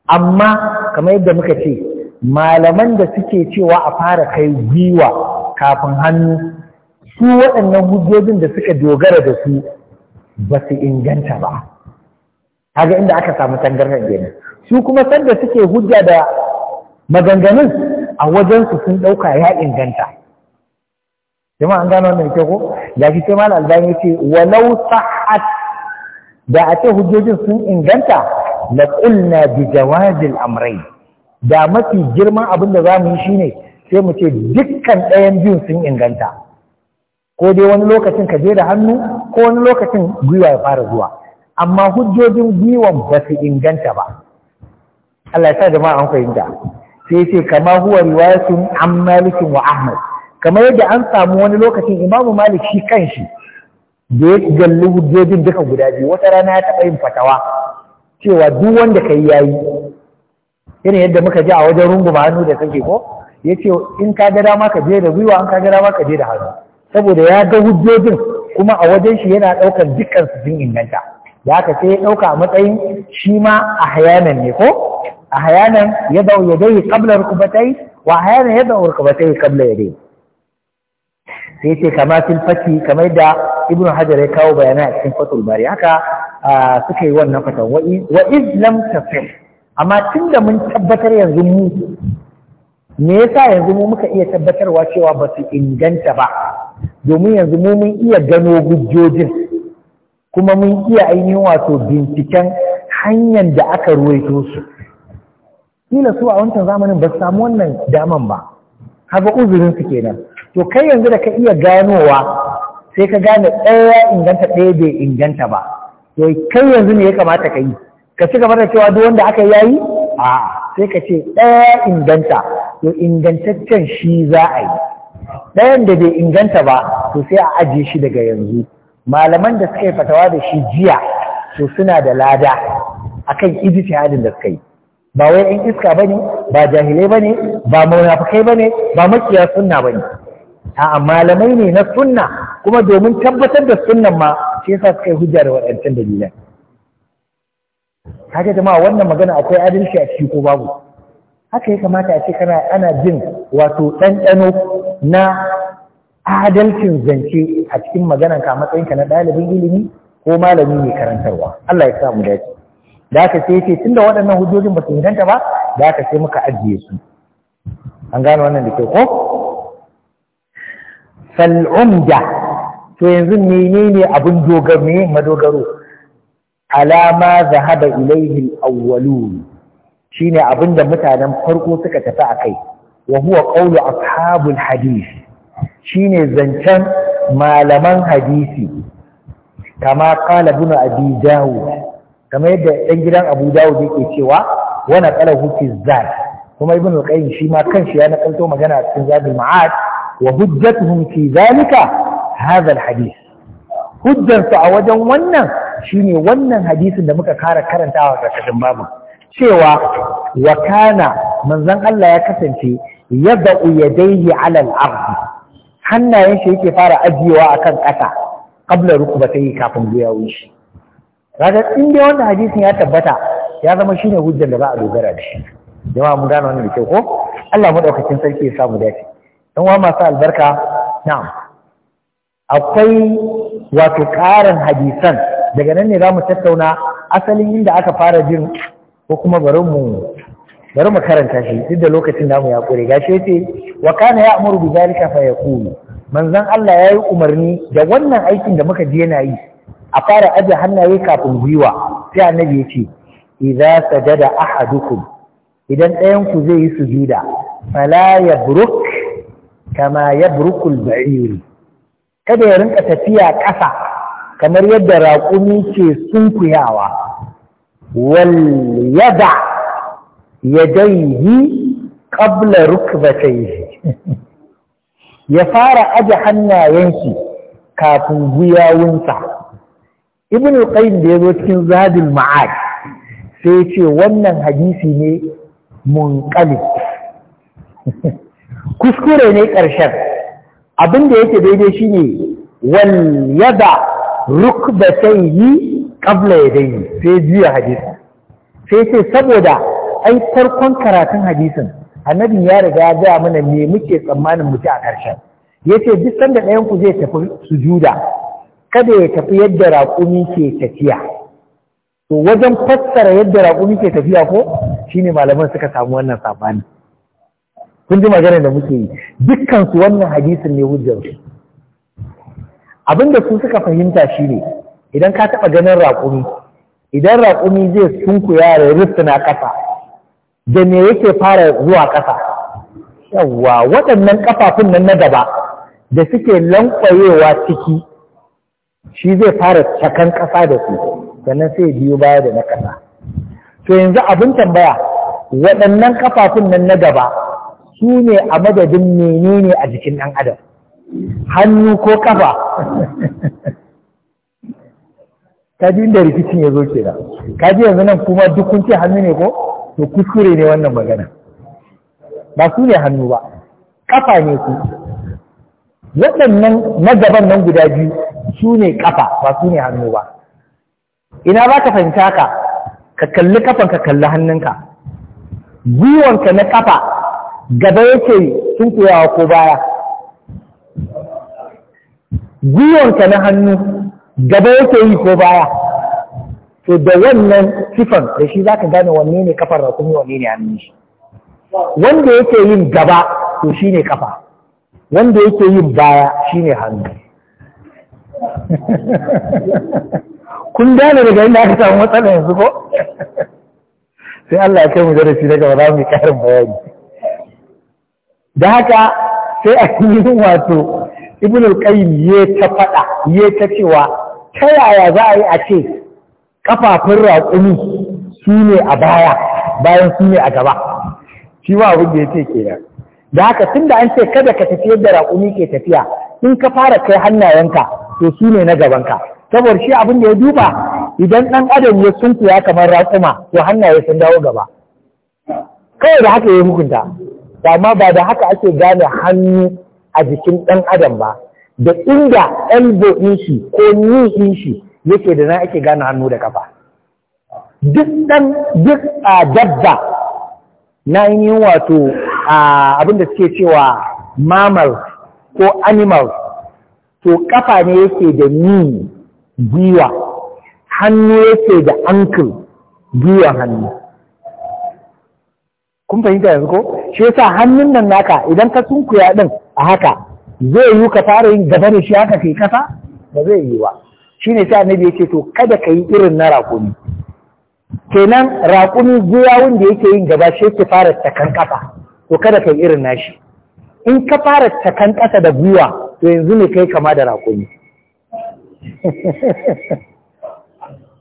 amma kamar yadda muka ce malaman da suke cewa a fara kai gwiwa kafin hannu su waɗannan hujjojin da suka dogara da su ba su inganta ba Haga inda aka samu tangarɗa kenan su kuma sanda suke hujja da maganganun a wajensu sun ɗauka ya inganta jama'a an gano wannan ke ko ya sai malam albani ce walau sahat da a ce hujjojin sun inganta la qulna bi jawazil amrayn da mafi girman abin da za mu yi shine sai mu ce dukkan ɗayan biyun sun inganta ko dai wani lokacin ka je da hannu ko wani lokacin gwiwa ya fara zuwa amma hujjojin gwiwan ba su inganta ba Allah ya sa jama'a an fahimta sai ce kama huwa riwayatun an malikin wa ahmad kamar yadda an samu wani lokacin imamu malik shi kanshi da ya galli hujjojin duka guda biyu wata rana ya taɓa yin fatawa cewa duk wanda kai yayi irin yadda muka ji a wajen runguma hannu da kake ko ya ce in ka ga dama ka je da gwiwa in ka ga dama ka je da hannu saboda ya ga hujjojin kuma a wajen shi yana ɗaukar dukkan su sun inganta da aka sai ya ɗauka a matsayin shi ma a hayanan ne ko a hayanan ya dau ya dai kabla rukubatai wa hayanan ya dau rukubatai kabla ya dai sai ce kama fil fati kamar da ibnu hajar ya kawo bayanai a cikin fatul bari haka suka yi wannan fatan wa iz lam tafih amma tun da mun tabbatar yanzu mu me yasa yanzu mu muka iya tabbatarwa cewa ba su inganta ba domin yanzu mu mun iya gano gujjojin, kuma mun iya ainihin wato binciken hanyar da aka ruwaito su kila su a wancan zamanin ba su samu wannan daman ba haka uzurin su kenan to kai yanzu da ka iya ganowa sai ka gane ɗaya inganta ɗaya bai inganta ba to kai yanzu ne ya kamata ka yi ka ci gaba da cewa duk wanda aka yayi a sai ka ce ɗaya inganta to ingantaccen shi za a yi ɗayan da bai inganta ba to sai a ajiye shi daga yanzu malaman da suka yi fatawa da shi jiya to suna da lada akan halin da suka yi ba wai 'yan iska bane ba jahilai bane ba munafikai bane ba makiya sunna bane a'a malamai ne na sunna kuma domin tabbatar da sunnan ma sai yasa suka yi hujja da waɗancan dalilan kaga jama'a wannan magana akwai adalci a ciki ko babu haka ya kamata a ce kana ana jin wato ɗanɗano na adalcin zance a cikin maganan ka matsayinka na ɗalibin ilimi ko malami mai karantarwa Allah ya samu dace da aka sai ce tunda waɗannan hujjojin ba su inganta ba da aka sai muka ajiye su an gano wannan da ke ko fal'umda to yanzu menene abin dogaro ne madogaro alama zahaba ilaihi al-awwalun shine abinda mutanen farko suka tafi akai wa huwa qawlu ashabul hadith shine zancen malaman hadisi kama qala ibn abi dawud kama yadda dan gidan abu dawud yake cewa wa naqalahu fi zad kuma ibn al-qayyim shi ma kanshi ya nakalto magana a cikin zadul ma'ad wa hujjatuhum fi zalika hadha al-hadith hujjansu a wajen wannan Shi ne wannan hadisin da muka kara karantawa ƙarƙashin babu cewa wa kana manzon Allah ya kasance ya ya daihi alal abu. hannayen shi yake fara ajiyewa akan ƙasa ta yi kafin gwiwawun shi Raga in dai wannan hadisin ya tabbata ya zama shi ne hujjar da za a dogara da shi jama'a mu gane wannan da kyau ko Allah madaukakin sarki ya samu dace Ɗan wa masu albarka Na. akwai wato ƙarin hadisan daga nan ne za mu tattauna asalin inda aka fara jin ko kuma bari mu karanta shi duk da lokacin da mu ya kure gashi yace wa kana ya'muru bi zalika fa yaqulu manzon Allah yayi umarni da wannan aikin da muka ji yana yi a fara aje hannaye kafin gwiwa sai annabi yace idza sajada ahadukum idan ɗayan ku zai yi sujuda fala yabruk kama yabrukul ba'ir kada ya rinka tafiya ƙasa kamar yadda raƙumi ke sunkuyawa wal yada daihi ƙabla rukbatayhi [LAUGHS] ya fara aje hannayen shi kafin guyawunsa ibn al-qayyim da yazo cikin zadul ma'ad sai ya ce wannan hadisi ne munqali [LAUGHS] kuskure ne ƙarshen abin da yake daidai shine wal yada yi rukbatayhi ya dai sai jiya hadisi sai ce saboda ai farkon karatun hadisin annabi ya riga ya gaya mana me muke tsammanin mu a ƙarshen yace duk sanda ɗayan ku zai tafi sujuda kada ya tafi yadda raƙumi ke tafiya to wajen fassara yadda raƙumi ke tafiya ko shine malaman suka samu wannan sabani kun ji magana da muke yi dukkan su wannan hadisin ne hujjar su abinda su suka fahimta shine idan ka taɓa ganin raƙumi idan raƙumi zai sunkuya da rufina ƙasa da me yake fara zuwa ƙasa yawwa waɗannan ƙafafun nan na gaba da suke lankwayewa ciki shi zai fara cakan ƙasa da su sannan sai biyu baya da na ƙasa to yanzu abin tambaya waɗannan ƙafafun nan na gaba su ne a madadin menene a jikin ɗan adam hannu ko kafa kaji inda rikicin ya zo ke da kaji yanzu nan kuma duk ce hannu ne ko to kuskure ne wannan magana ba su ne hannu ba kafa ne su waɗannan gaban nan guda biyu su ne kafa ba su ne hannu ba ina ba ka fahimta ka ka kalli kafan ka kalli hannunka gwiwanka na kafa gaba yake sun koyawa ko baya gwiwanka na hannu gaba yake yi ko baya to da wannan sifan da shi zaka gane wanne ne kafar da kuma wanne ne hannun shi wanda yake yin gaba to shine kafa wanda yake yin baya shine hannu [LAUGHS] kun gane daga inda aka samu matsala yanzu ko sai Allah ya kai mu darasi daga ba za mu yi karin bayani da haka sai a yi wato ibn al-qayyim ya ta fada ya ta cewa ta yaya za a yi a ce kafafun raƙumi su a baya bayan su a gaba shi ba abin da ya kenan da haka tunda da an ce kada ka tafi da raƙumi ke tafiya in ka fara kai hannayenka to shine ne na gabanka saboda shi abin da ya duba idan ɗan adam ya sunkuya kamar raƙuma to hannaye sun dawo gaba kawai da haka ya hukunta amma ba da haka ake gane hannu a jikin ɗan adam ba da inda elbow ɗin shi ko knee ɗin shi yake da na ake gane hannu da kafa duk ɗan duk a dabba na yi wato abin da suke cewa mammal ko animal to kafa ne yake da knee gwiwa. hannu yake da ankle gwiwan hannu kun fahimta yanzu ko shi yasa hannun nan naka idan ka sunkuya din a haka zai yi ka fara yin gaba da shi haka kai kasa ba zai yi ba shine sai annabi ya ce to kada ka yi irin na raƙumi kenan raƙumi gwiwawun da yake yin gaba shi yake fara takan kasa to kada ka yi irin nashi in ka fara takan kasa da gwiwa to yanzu ne kai kama da raƙumi [LAUGHS]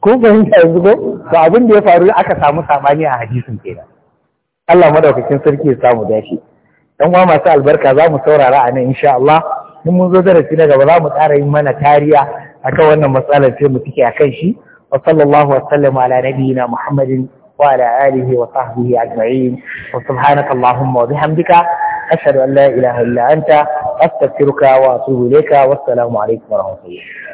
kun fahimta yanzu ko ba abin da ya faru aka samu samani a hadisin kenan Allah madaukakin sarki ya samu dashi dan uwa masu albarka za mu saurara a nan insha Allah in mun zo darasi na gaba za mu ƙara yin mana kariya akan wannan matsalar sai mu tike akan shi wa sallallahu wa sallama ala nabiyyina Muhammadin wa ala alihi wa sahbihi ajma'in wa subhanaka allahumma wa bihamdika ashhadu an la ilaha illa anta astaghfiruka wa atubu ilayka wassalamu alaikum wa rahmatullah